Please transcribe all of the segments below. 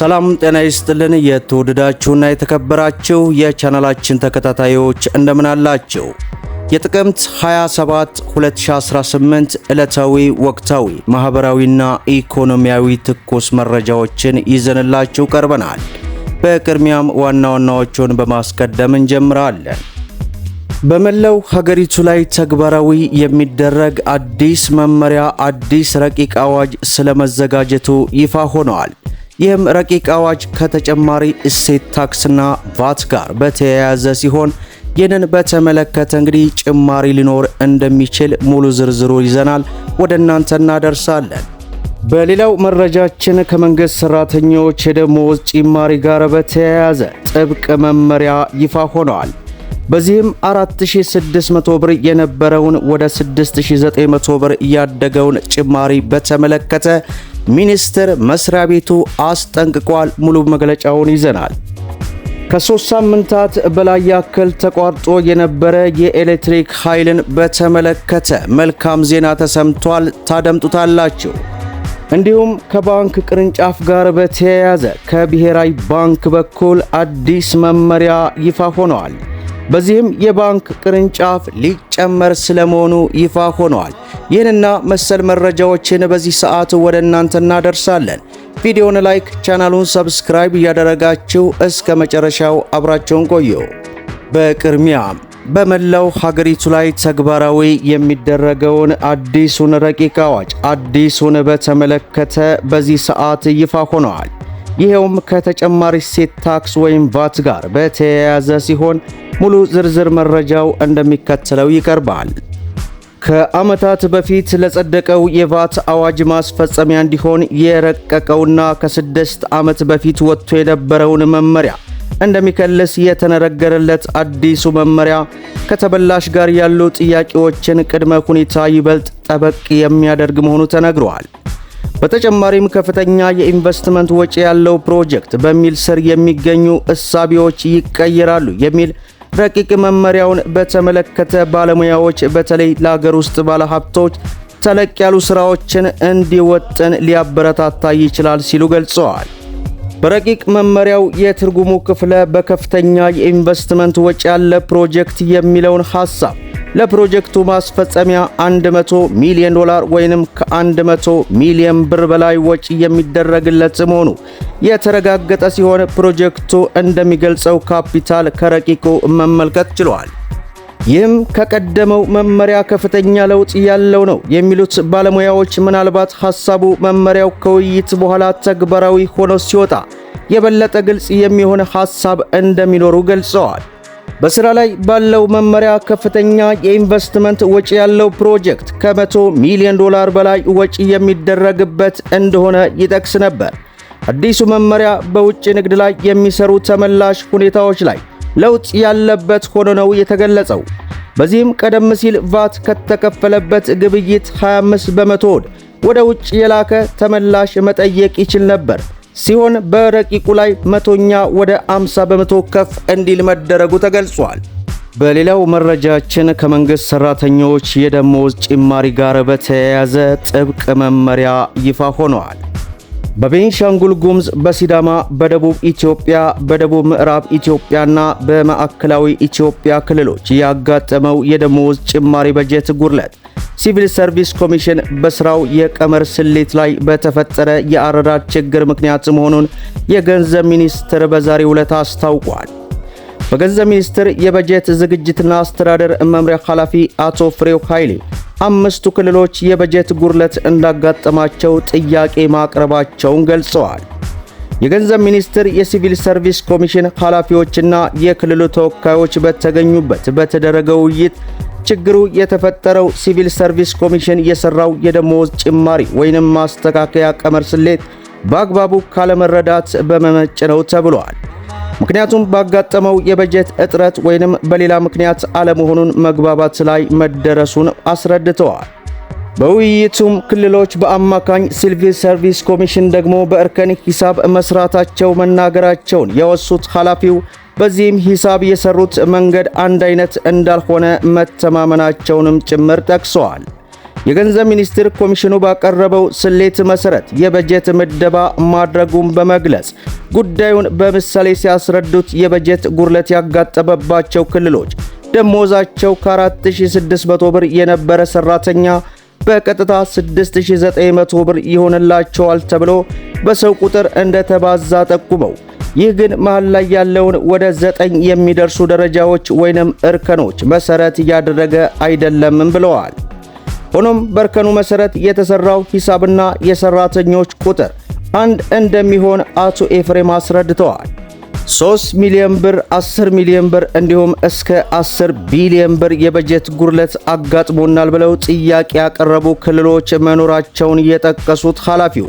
ሰላም ጤና ይስጥልን። የተወደዳችሁና የተከበራችሁ የቻናላችን ተከታታዮች እንደምን አላችሁ? የጥቅምት 27 2018 ዕለታዊ ወቅታዊ ማኅበራዊና ኢኮኖሚያዊ ትኩስ መረጃዎችን ይዘንላችሁ ቀርበናል። በቅድሚያም ዋና ዋናዎቹን በማስቀደም እንጀምራለን። በመላው ሀገሪቱ ላይ ተግባራዊ የሚደረግ አዲስ መመሪያ አዲስ ረቂቅ አዋጅ ስለመዘጋጀቱ ይፋ ሆኗል። ይህም ረቂቅ አዋጅ ከተጨማሪ እሴት ታክስና ቫት ጋር በተያያዘ ሲሆን ይህንን በተመለከተ እንግዲህ ጭማሪ ሊኖር እንደሚችል ሙሉ ዝርዝሩ ይዘናል፣ ወደ እናንተ እናደርሳለን። በሌላው መረጃችን ከመንግስት ሰራተኞች የደሞዝ ጭማሪ ጋር በተያያዘ ጥብቅ መመሪያ ይፋ ሆነዋል። በዚህም 4600 ብር የነበረውን ወደ 6900 ብር ያደገውን ጭማሪ በተመለከተ ሚኒስቴር መስሪያ ቤቱ አስጠንቅቋል። ሙሉ መግለጫውን ይዘናል። ከሶስት ሳምንታት በላይ ያክል ተቋርጦ የነበረ የኤሌክትሪክ ኃይልን በተመለከተ መልካም ዜና ተሰምቷል። ታደምጡታላችሁ። እንዲሁም ከባንክ ቅርንጫፍ ጋር በተያያዘ ከብሔራዊ ባንክ በኩል አዲስ መመሪያ ይፋ ሆነዋል። በዚህም የባንክ ቅርንጫፍ ሊጨመር ስለመሆኑ ይፋ ሆኗል። ይህንና መሰል መረጃዎችን በዚህ ሰዓት ወደ እናንተ እናደርሳለን። ቪዲዮውን ላይክ፣ ቻናሉን ሰብስክራይብ እያደረጋችሁ እስከ መጨረሻው አብራቸውን ቆዩ። በቅድሚያም በመላው ሀገሪቱ ላይ ተግባራዊ የሚደረገውን አዲሱን ረቂቅ አዋጅ አዲሱን በተመለከተ በዚህ ሰዓት ይፋ ሆነዋል። ይሄውም ከተጨማሪ ሴት ታክስ ወይም ቫት ጋር በተያያዘ ሲሆን ሙሉ ዝርዝር መረጃው እንደሚከተለው ይቀርባል። ከዓመታት በፊት ለጸደቀው የቫት አዋጅ ማስፈጸሚያ እንዲሆን የረቀቀውና ከስድስት ዓመት በፊት ወጥቶ የነበረውን መመሪያ እንደሚከልስ የተነረገረለት አዲሱ መመሪያ ከተበላሽ ጋር ያሉ ጥያቄዎችን ቅድመ ሁኔታ ይበልጥ ጠበቅ የሚያደርግ መሆኑ ተነግሯል። በተጨማሪም ከፍተኛ የኢንቨስትመንት ወጪ ያለው ፕሮጀክት በሚል ስር የሚገኙ እሳቢዎች ይቀየራሉ የሚል ረቂቅ መመሪያውን በተመለከተ ባለሙያዎች በተለይ ለሀገር ውስጥ ባለሀብቶች ተለቅ ያሉ ስራዎችን እንዲወጥን ሊያበረታታ ይችላል ሲሉ ገልጸዋል። በረቂቅ መመሪያው የትርጉሙ ክፍለ በከፍተኛ የኢንቨስትመንት ወጪ ያለ ፕሮጀክት የሚለውን ሐሳብ ለፕሮጀክቱ ማስፈጸሚያ 100 ሚሊዮን ዶላር ወይንም ከ100 ሚሊዮን ብር በላይ ወጪ የሚደረግለት መሆኑ የተረጋገጠ ሲሆን ፕሮጀክቱ እንደሚገልጸው ካፒታል ከረቂቁ መመልከት ችሏል። ይህም ከቀደመው መመሪያ ከፍተኛ ለውጥ ያለው ነው የሚሉት ባለሙያዎች ምናልባት ሐሳቡ መመሪያው ከውይይት በኋላ ተግባራዊ ሆኖ ሲወጣ የበለጠ ግልጽ የሚሆን ሐሳብ እንደሚኖሩ ገልጸዋል። በስራ ላይ ባለው መመሪያ ከፍተኛ የኢንቨስትመንት ወጪ ያለው ፕሮጀክት ከመቶ ሚሊዮን ዶላር በላይ ወጪ የሚደረግበት እንደሆነ ይጠቅስ ነበር። አዲሱ መመሪያ በውጭ ንግድ ላይ የሚሰሩ ተመላሽ ሁኔታዎች ላይ ለውጥ ያለበት ሆኖ ነው የተገለጸው። በዚህም ቀደም ሲል ቫት ከተከፈለበት ግብይት 25 በመቶ ወደ ውጭ የላከ ተመላሽ መጠየቅ ይችል ነበር። ሲሆን በረቂቁ ላይ መቶኛ ወደ 50 በመቶ ከፍ እንዲል መደረጉ ተገልጿል። በሌላው መረጃችን ከመንግስት ሰራተኞች የደሞዝ ጭማሪ ጋር በተያያዘ ጥብቅ መመሪያ ይፋ ሆነዋል። በቤንሻንጉል ጉሙዝ፣ በሲዳማ፣ በደቡብ ኢትዮጵያ፣ በደቡብ ምዕራብ ኢትዮጵያና በማዕከላዊ ኢትዮጵያ ክልሎች ያጋጠመው የደሞዝ ጭማሪ በጀት ጉድለት ሲቪል ሰርቪስ ኮሚሽን በስራው የቀመር ስሌት ላይ በተፈጠረ የአረዳድ ችግር ምክንያት መሆኑን የገንዘብ ሚኒስትር በዛሬው ዕለት አስታውቋል። በገንዘብ ሚኒስቴር የበጀት ዝግጅትና አስተዳደር መምሪያ ኃላፊ አቶ ፍሬው ኃይሌ አምስቱ ክልሎች የበጀት ጉድለት እንዳጋጠማቸው ጥያቄ ማቅረባቸውን ገልጸዋል። የገንዘብ ሚኒስቴር የሲቪል ሰርቪስ ኮሚሽን ኃላፊዎችና የክልሉ ተወካዮች በተገኙበት በተደረገ ውይይት ችግሩ የተፈጠረው ሲቪል ሰርቪስ ኮሚሽን የሰራው የደሞዝ ጭማሪ ወይንም ማስተካከያ ቀመር ስሌት በአግባቡ ካለመረዳት በመመጭ ነው ተብሏል። ምክንያቱም ባጋጠመው የበጀት እጥረት ወይንም በሌላ ምክንያት አለመሆኑን መግባባት ላይ መደረሱን አስረድተዋል። በውይይቱም ክልሎች በአማካኝ ሲቪል ሰርቪስ ኮሚሽን ደግሞ በእርከን ሂሳብ መስራታቸው መናገራቸውን የወሱት ኃላፊው በዚህም ሂሳብ የሰሩት መንገድ አንድ አይነት እንዳልሆነ መተማመናቸውንም ጭምር ጠቅሰዋል። የገንዘብ ሚኒስቴር ኮሚሽኑ ባቀረበው ስሌት መሰረት የበጀት ምደባ ማድረጉን በመግለጽ ጉዳዩን በምሳሌ ሲያስረዱት የበጀት ጉድለት ያጋጠመባቸው ክልሎች ደሞዛቸው ከ4600 ብር የነበረ ሰራተኛ በቀጥታ 6900 ብር ይሆንላቸዋል ተብሎ በሰው ቁጥር እንደተባዛ ጠቁመው ይህ ግን መሀል ላይ ያለውን ወደ ዘጠኝ የሚደርሱ ደረጃዎች ወይንም እርከኖች መሰረት ያደረገ አይደለምም ብለዋል። ሆኖም በእርከኑ መሰረት የተሰራው ሂሳብና የሰራተኞች ቁጥር አንድ እንደሚሆን አቶ ኤፍሬም አስረድተዋል። 3 ሚሊዮን ብር፣ 10 ሚሊዮን ብር እንዲሁም እስከ 10 ቢሊዮን ብር የበጀት ጉድለት አጋጥሞናል ብለው ጥያቄ ያቀረቡ ክልሎች መኖራቸውን የጠቀሱት ኃላፊው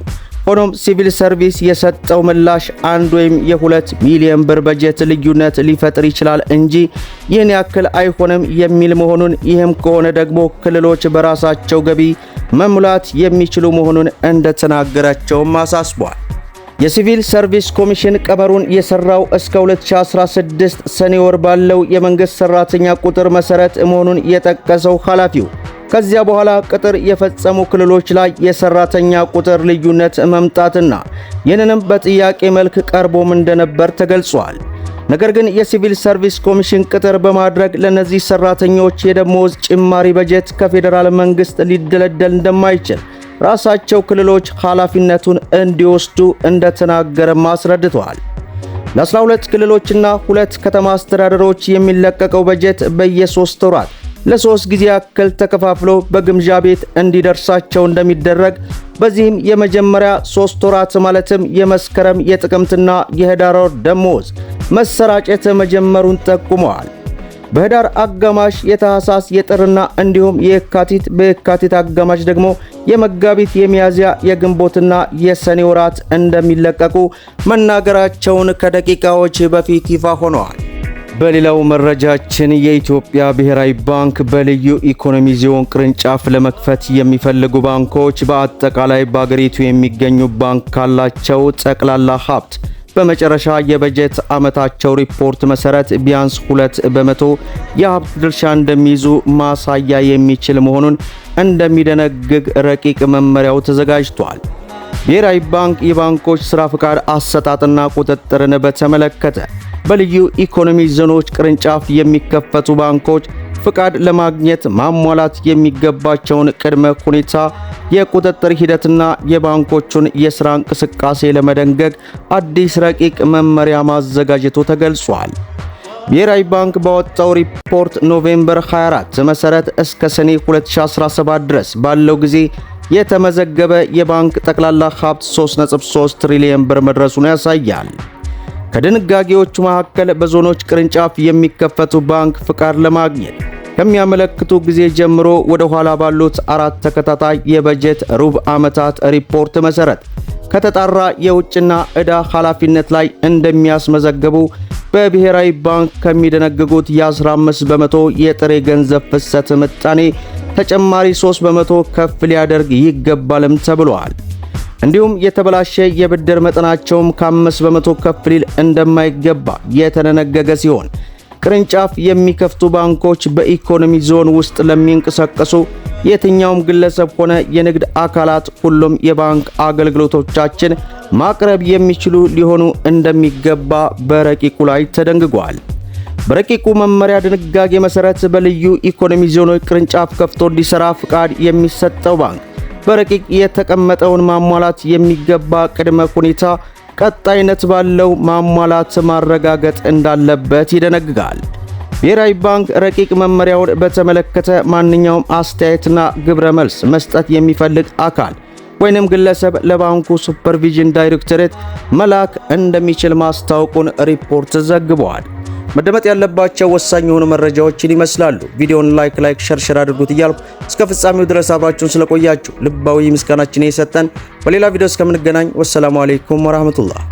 ሆኖም ሲቪል ሰርቪስ የሰጠው ምላሽ አንድ ወይም የሁለት ሚሊዮን ብር በጀት ልዩነት ሊፈጥር ይችላል እንጂ ይህን ያክል አይሆንም የሚል መሆኑን ይህም ከሆነ ደግሞ ክልሎች በራሳቸው ገቢ መሙላት የሚችሉ መሆኑን እንደተናገራቸውም አሳስቧል። የሲቪል ሰርቪስ ኮሚሽን ቀመሩን የሰራው እስከ 2016 ሰኔ ወር ባለው የመንግሥት ሠራተኛ ቁጥር መሠረት መሆኑን የጠቀሰው ኃላፊው ከዚያ በኋላ ቅጥር የፈጸሙ ክልሎች ላይ የሰራተኛ ቁጥር ልዩነት መምጣትና ይህንንም በጥያቄ መልክ ቀርቦም እንደነበር ተገልጿል። ነገር ግን የሲቪል ሰርቪስ ኮሚሽን ቅጥር በማድረግ ለእነዚህ ሰራተኞች የደሞዝ ጭማሪ በጀት ከፌዴራል መንግስት ሊደለደል እንደማይችል ራሳቸው ክልሎች ኃላፊነቱን እንዲወስዱ እንደተናገረም አስረድተዋል። ለ12 ክልሎችና ሁለት ከተማ አስተዳደሮች የሚለቀቀው በጀት በየሶስት ወራት ለሶስት ጊዜ ያክል ተከፋፍሎ በግምጃ ቤት እንዲደርሳቸው እንደሚደረግ በዚህም የመጀመሪያ ሶስት ወራት ማለትም የመስከረም የጥቅምትና የህዳር ወር ደሞዝ መሰራጨት መጀመሩን ጠቁመዋል። በህዳር አጋማሽ፣ የታህሳስ፣ የጥርና እንዲሁም የካቲት በየካቲት አጋማሽ ደግሞ የመጋቢት፣ የሚያዝያ፣ የግንቦትና የሰኔ ወራት እንደሚለቀቁ መናገራቸውን ከደቂቃዎች በፊት ይፋ ሆነዋል። በሌላው መረጃችን የኢትዮጵያ ብሔራዊ ባንክ በልዩ ኢኮኖሚ ዞን ቅርንጫፍ ለመክፈት የሚፈልጉ ባንኮች በአጠቃላይ በአገሪቱ የሚገኙ ባንክ ካላቸው ጠቅላላ ሀብት በመጨረሻ የበጀት ዓመታቸው ሪፖርት መሰረት ቢያንስ ሁለት በመቶ የሀብት ድርሻ እንደሚይዙ ማሳያ የሚችል መሆኑን እንደሚደነግግ ረቂቅ መመሪያው ተዘጋጅቷል። ብሔራዊ ባንክ የባንኮች ሥራ ፍቃድ አሰጣጥና ቁጥጥርን በተመለከተ በልዩ ኢኮኖሚ ዞኖች ቅርንጫፍ የሚከፈቱ ባንኮች ፍቃድ ለማግኘት ማሟላት የሚገባቸውን ቅድመ ሁኔታ፣ የቁጥጥር ሂደትና የባንኮቹን የሥራ እንቅስቃሴ ለመደንገግ አዲስ ረቂቅ መመሪያ ማዘጋጀቱ ተገልጿል። ብሔራዊ ባንክ ባወጣው ሪፖርት ኖቬምበር 24 መሠረት እስከ ሰኔ 2017 ድረስ ባለው ጊዜ የተመዘገበ የባንክ ጠቅላላ ሀብት 3.3 ትሪሊየን ብር መድረሱን ያሳያል። ከድንጋጌዎቹ መካከል በዞኖች ቅርንጫፍ የሚከፈቱ ባንክ ፍቃድ ለማግኘት ከሚያመለክቱ ጊዜ ጀምሮ ወደ ኋላ ባሉት አራት ተከታታይ የበጀት ሩብ ዓመታት ሪፖርት መሠረት ከተጣራ የውጭና ዕዳ ኃላፊነት ላይ እንደሚያስመዘግቡ በብሔራዊ ባንክ ከሚደነግጉት የ15 በመቶ የጥሬ ገንዘብ ፍሰት ምጣኔ ተጨማሪ 3 በመቶ ከፍ ሊያደርግ ይገባልም ተብሏል። እንዲሁም የተበላሸ የብድር መጠናቸውም ከአምስት በመቶ ከፍ ሊል እንደማይገባ የተደነገገ ሲሆን ቅርንጫፍ የሚከፍቱ ባንኮች በኢኮኖሚ ዞን ውስጥ ለሚንቀሳቀሱ የትኛውም ግለሰብ ሆነ የንግድ አካላት ሁሉም የባንክ አገልግሎቶቻችን ማቅረብ የሚችሉ ሊሆኑ እንደሚገባ በረቂቁ ላይ ተደንግጓል። በረቂቁ መመሪያ ድንጋጌ መሠረት በልዩ ኢኮኖሚ ዞኖች ቅርንጫፍ ከፍቶ እንዲሠራ ፍቃድ የሚሰጠው ባንክ በረቂቅ የተቀመጠውን ማሟላት የሚገባ ቅድመ ሁኔታ ቀጣይነት ባለው ማሟላት ማረጋገጥ እንዳለበት ይደነግጋል። ብሔራዊ ባንክ ረቂቅ መመሪያውን በተመለከተ ማንኛውም አስተያየትና ግብረ መልስ መስጠት የሚፈልግ አካል ወይንም ግለሰብ ለባንኩ ሱፐርቪዥን ዳይሬክቶሬት መላክ እንደሚችል ማስታወቁን ሪፖርት ዘግቧል። መደመጥ ያለባቸው ወሳኝ የሆኑ መረጃዎችን ይመስላሉ። ቪዲዮውን ላይክ ላይክ ሸር አድርጉት እያልኩ እስከ ፍጻሜው ድረስ አብራችሁን ስለቆያችሁ ልባዊ ምስጋናችን የሰጠን። በሌላ ቪዲዮ እስከምንገናኝ ወሰላሙ አሌይኩም ወራህመቱላህ